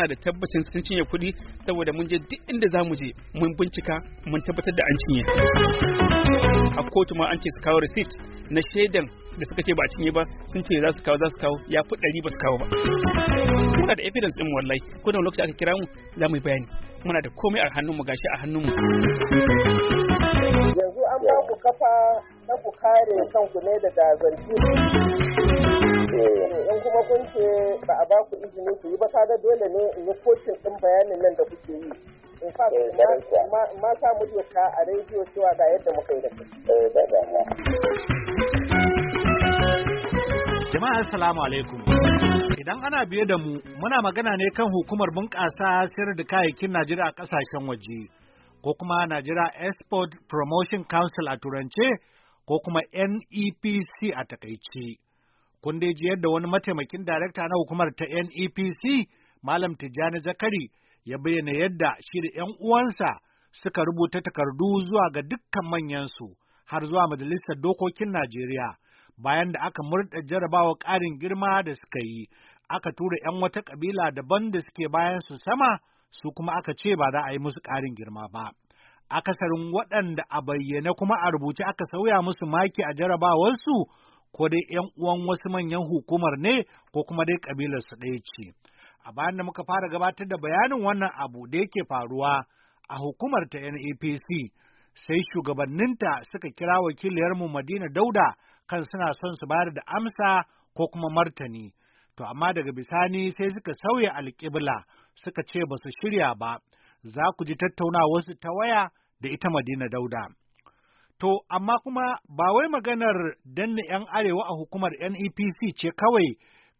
muna da tabbacin sun cinye kuɗi saboda mun je duk inda za mu je mun bincika mun tabbatar da an cinye a kotu ma an ce su kawo receipt na shaidan da suka ce ba a cinye ba sun ce za su kawo za su kawo ya fi ɗari ba su kawo ba muna da evidence din wallahi ko da lokaci aka kira mu za mu yi bayani muna da komai a hannun mu gashi a hannun mu yanzu an ba ku kafa na ku kare kanku ne daga zargi kuma kun ce ba a ba ku izini ku yi ba ga dole ne in yi kocin din bayanin nan da kuke yi in fact eh, ma sa muryar ka a rediyo cewa ga yadda muka yi da ku eh, jama'a assalamu alaikum idan ana biye da mu muna magana ne kan hukumar bunƙasa sayar da kayayyakin najeriya a ƙasashen waje ko kuma najeriya export promotion council a turance ko kuma nepc a takaice kun dai ji yadda wani mataimakin darakta na hukumar ta NEPC Malam Tijjani Zakari ya bayyana yadda shi da 'yan uwansa suka rubuta takardu zuwa ga dukkan manyansu har zuwa Majalisar Dokokin Najeriya bayan da aka murɗa jarabawa ƙarin girma da suka yi aka tura 'yan wata ƙabila daban da suke bayan su sama su kuma aka ce ba za a yi musu ƙarin girma ba. Akasarin waɗanda a bayyane kuma a rubuce aka sauya musu maki a jarabawarsu ko dai ‘yan uwan wasu manyan hukumar ne ko kuma dai kabilar su ɗaya ce. A bayan da muka fara gabatar da bayanin wannan abu da yake faruwa a hukumar ta NAPC, sai shugabanninta suka kira wakiliyarmu Madina Dauda kan suna son su bayar da amsa ko kuma martani. To amma daga bisani sai suka sauya alƙibla suka ce ba su shirya ba, za ku ji tattaunawa wasu ta waya da ita Madina Dauda. To, amma kuma ba wai maganar danna 'yan arewa a hukumar NEPC ce kawai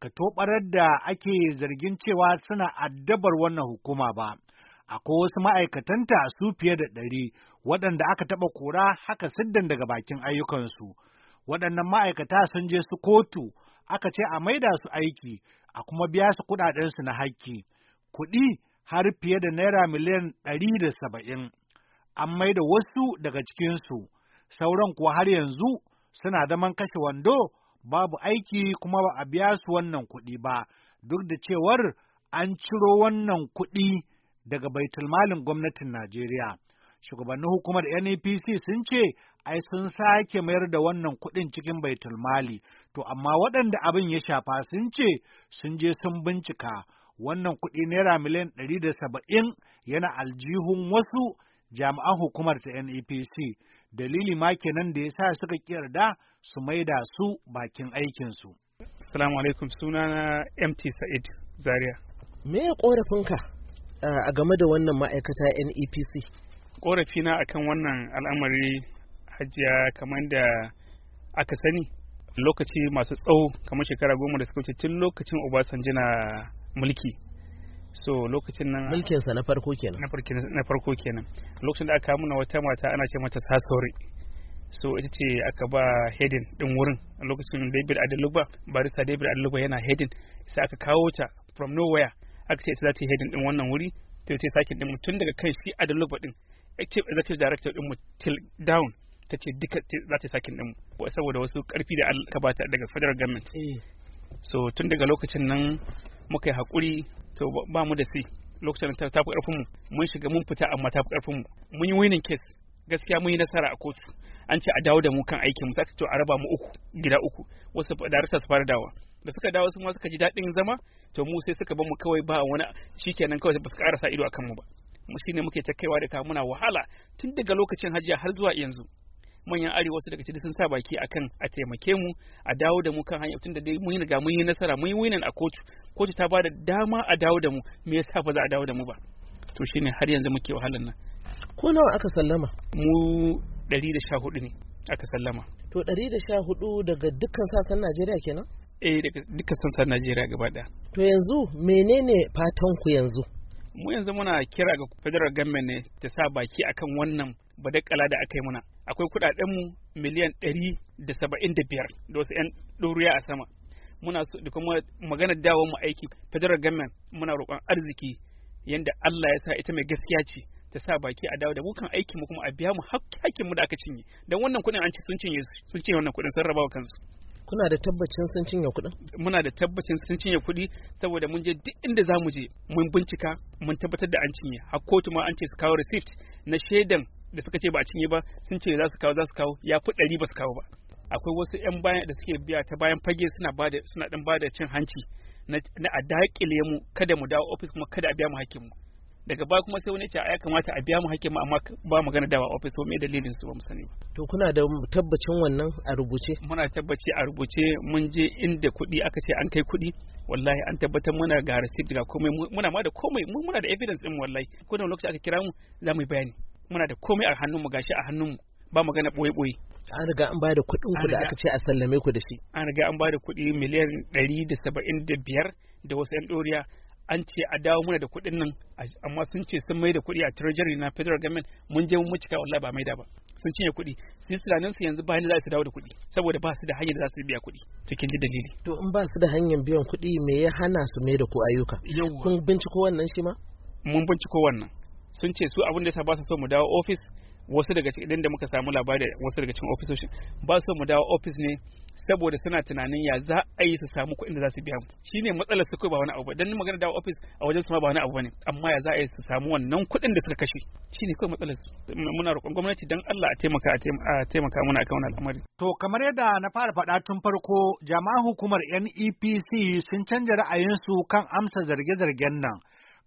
ka toɓarar da ake zargin cewa suna addabar wannan hukuma ba. Akwai wasu ma'aikatanta su fiye da ɗari waɗanda aka taɓa kora haka siddan daga bakin ayyukansu. Waɗannan ma'aikata sun je su kotu aka ce a maida su aiki a kuma biya su kuɗaɗensu na hakki. Kuɗi har fiye da naira miliyan ɗari da saba'in. An maida wasu daga cikinsu. sauran kuwa har yanzu suna zaman kashe wando babu aiki kuma ba a biya su wannan kuɗi ba, duk da cewar an ciro wannan kuɗi daga baitulmalin gwamnatin Najeriya. Shugabannin hukumar NAPC sun ce ai sun sake mayar da wannan kuɗin cikin baitulmali, to amma waɗanda abin ya shafa sun ce sun je sun bincika wannan kuɗi naira miliyan ɗari da saba'in yana aljihun wasu jami'an hukumar ta NAPC. dalili ma kenan da ya sa suka ƙi yarda su maida su bakin aikinsu. Assalamu alaikum sunana MT Sa'id Zaria. Me ya korafinka eh, a game da wannan ma'aikata NEPC? Korafina akan wannan al'amari hajiya kamar da aka sani lokaci masu tsawo kamar shekara goma da suka wuce tun lokacin Obasanjo na mulki. so lokacin nan sa na farko kenan na farko kenan lokacin da aka muna wata mata ana ce mata sasori so ita ce aka ba hedin din wurin lokacin david adeluba barista david adeluba yana hedin sai aka kawo ta from nowhere aka ce ita za ta heading hedin din wannan wuri ta ce sakin din tun daga kan shi adeluba din active executive director din mu down ta ce duka za ta sakin din saboda wasu karfi da aka bata daga federal government eh. so tun daga lokacin nan muka yi hakuri to ba mu da si lokacin ta tafi karfin mu mun shiga mun fita amma tafi karfin mu mun yi winning case gaskiya mun yi nasara a kotu an ce a dawo da mu kan aikin mu saka to a raba mu uku gida uku wasu darasa su fara dawa da suka dawo su ma suka ji daɗin zama to mu sai suka bar mu kawai ba wani shikenan kawai ba su karasa ido akan mu ba mu shine muke ta kaiwa da ka muna wahala tun daga lokacin hajiya har zuwa yanzu manyan arewa su daga cikin sun sa baki akan a taimake mu a dawo da mu kan hanya tun da dai mun riga mun yi nasara mun yi winan a kotu kotu ta bada dama a dawo da mu me yasa ba za a dawo da mu ba to shine har yanzu muke wahalar nan ko nawa aka sallama mu 114 ne aka sallama to 114 daga dukkan sassan Najeriya kenan eh daga dukkan sassan Najeriya gaba daya to yanzu menene fatan ku yanzu mu yanzu muna kira ga federal government ne ta sa baki akan wannan badakala da aka yi muna akwai mu miliyan ɗari da saba'in da biyar da wasu 'yan ɗoriya a sama muna so da kuma magana dawon mu aiki federal government muna roƙon arziki yanda Allah ya sa ita mai gaskiya ce ta sa baki a dawo da mu kan aiki mu kuma a biya mu hakkin mu da aka cinye dan wannan kuɗin an ci sun cinye sun cinye wannan kuɗin sun raba wa kansu kuna da tabbacin sun cinye kuɗin muna da tabbacin sun cinye kuɗi saboda mun je duk inda za mu je mun bincika mun tabbatar da an cinye har kotu ma an ce su kawo receipt na shaidan da suka ce ba a cinye ba sun ce za su kawo za su kawo ya fi ɗari ba su kawo ba akwai wasu 'yan bayan da suke biya ta bayan fage suna bada suna dan bada cin hanci na a daƙile mu kada mu dawo ofis kuma kada a biya mu hakkin mu daga baya kuma sai wani ce ya kamata a biya mu hakkin mu amma ba magana dawa ofis ko me dalilin su ba mu sani to kuna da tabbacin wannan a rubuce muna tabbaci a rubuce mun je inda kuɗi aka ce an kai kuɗi wallahi an tabbatar muna ga receipt ga komai muna ma da komai muna da evidence din wallahi kodan lokaci aka kira mu za mu yi bayani muna da komai a hannunmu gashi a hannunmu ba magana boye boye an riga an bada kuɗin ku da aka ce a sallame ku da shi an riga an bada kuɗi miliyan ɗari da saba'in da biyar da wasu yan ɗoriya an ce a dawo muna da kuɗin nan amma sun ce sun mai da kuɗi a treasury na federal government mun je mun cika wallahi ba mai da ba sun cinye kuɗi su tunanin su yanzu bayan za su dawo da kuɗi saboda ba su da hanyar da za su biya kuɗi cikin ji dalili to in ba su da hanyar biyan kuɗi me ya hana su mai da ku ayyuka kun binciko wannan shi ma mun binciko wannan sun ce su abin da sa ba su so mu dawo ofis wasu daga cikin idan da muka samu labari wasu daga cikin ofisoshin ba su so mu dawo ofis ne saboda suna tunanin ya za a yi su samu kuɗin da za su biya mu shine matsalar su ba wani abu ba dan magana dawo ofis a wajen su ma ba wani abu bane amma ya za a yi su samu wannan kuɗin da suka kashe shine kai matsalar su muna roƙon gwamnati dan Allah a taimaka a taimaka muna akan wannan al'amari to kamar yadda na fara faɗa tun farko jama'a hukumar NEPC sun canja ra'ayinsu kan amsa zarge-zargen nan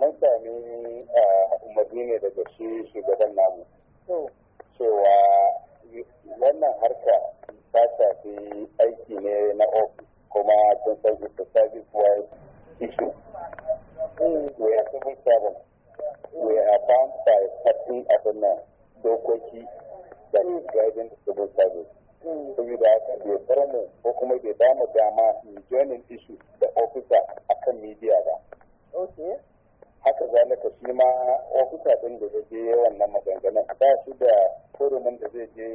mun sami umarni ne daga shi shugaban namu cewa wannan harka ta shafi aiki ne na ofis kuma don service to service wise issue mm. we are civil servants we are bound by certain abinnan dokoki mm. da guiding civil service mm. saboda haka bai bar mu ko kuma bai ba mu dama mu joining issues minista da zai je wannan maganganun a shi da turumin da zai je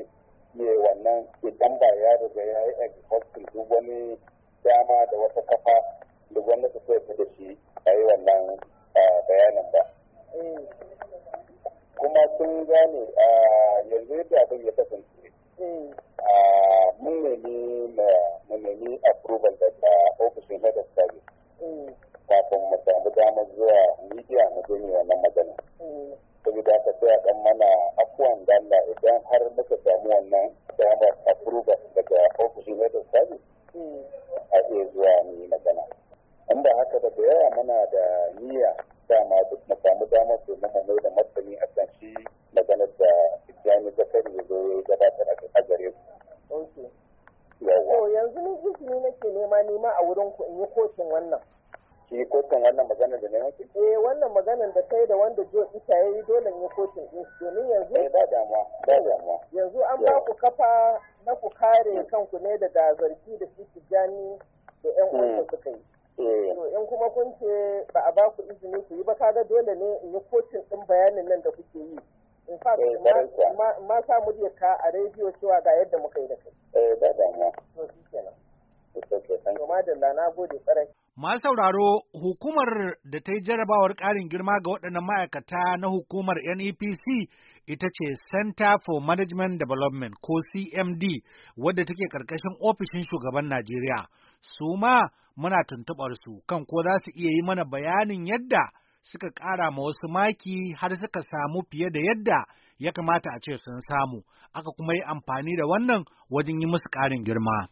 ne wannan idan ba ya riga ya yi agriculture duk wani dama da wata kafa da gwamnati ta sai da shi a yi wannan bayanin ba. Kuma sun gane a yanzu yadda abin ya kasance. Mm. Mun nemi approval daga haka da yawa muna da niyya dama duk mu samu damar su na hannu da martani a kan shi maganar da Islami Zakari ya zo gabatar a gare ku. Yawa. yanzu ni izini nake nema nema a wurin ku in yi kotun wannan. Ki yi kotun wannan maganar da nema ki? Eh wannan maganar da kai da wanda Jo Isa ya yi dole in yi kotun din domin yanzu. Eh ba damuwa ba damuwa. Yanzu an ba ku kafa na ku kare kanku ne daga zargi da su tijjani da 'yan uwansa hmm. suka yi. Eh. in kuma kun ce ba a ba ku izini ku yi ba kaga dole ne in yi kocin din bayanin nan da kuke yi in fact eh, ma sa mu ka a rediyo cewa ga yadda muka yi da kai eh da da na to shi kenan Masu sauraro, hukumar da ta yi jarabawar ƙarin girma ga waɗannan ma'aikata na hukumar NEPC ita ce Center for Management Development ko CMD wadda take ƙarƙashin ofishin shugaban Najeriya. Su ma muna tuntuɓar su kan ko za su iya yi mana bayanin yadda suka ƙara ma wasu maki har suka samu fiye da yadda ya kamata a ce sun samu aka kuma yi amfani da wannan wajen yi musu ƙarin girma.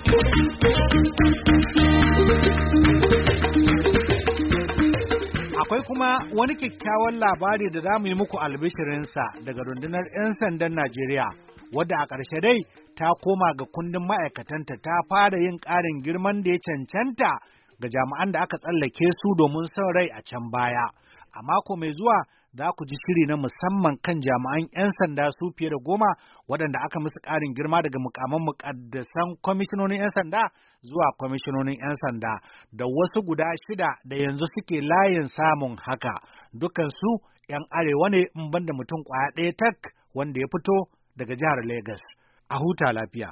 Akwai kuma wani kyakkyawan labari da za mu yi muku albishirinsa daga rundunar 'yan sandan Najeriya, wadda a ƙarshe dai ta koma ga kundin ma'aikatanta ta fara yin ƙarin girman da ya cancanta ga jami'an da aka tsallake su domin son rai a can baya. A mako mai zuwa za ku ji shiri na musamman kan jami'an 'yan sanda su fiye da goma waɗanda aka musu ƙarin girma daga mukaman muƙaddasan kwamishinonin 'yan sanda zuwa kwamishinonin 'yan sanda da wasu guda shida da yanzu suke layin samun haka dukansu 'yan arewa ne in banda mutum ɗaya tak wanda ya fito daga jihar Legas. a huta lafiya.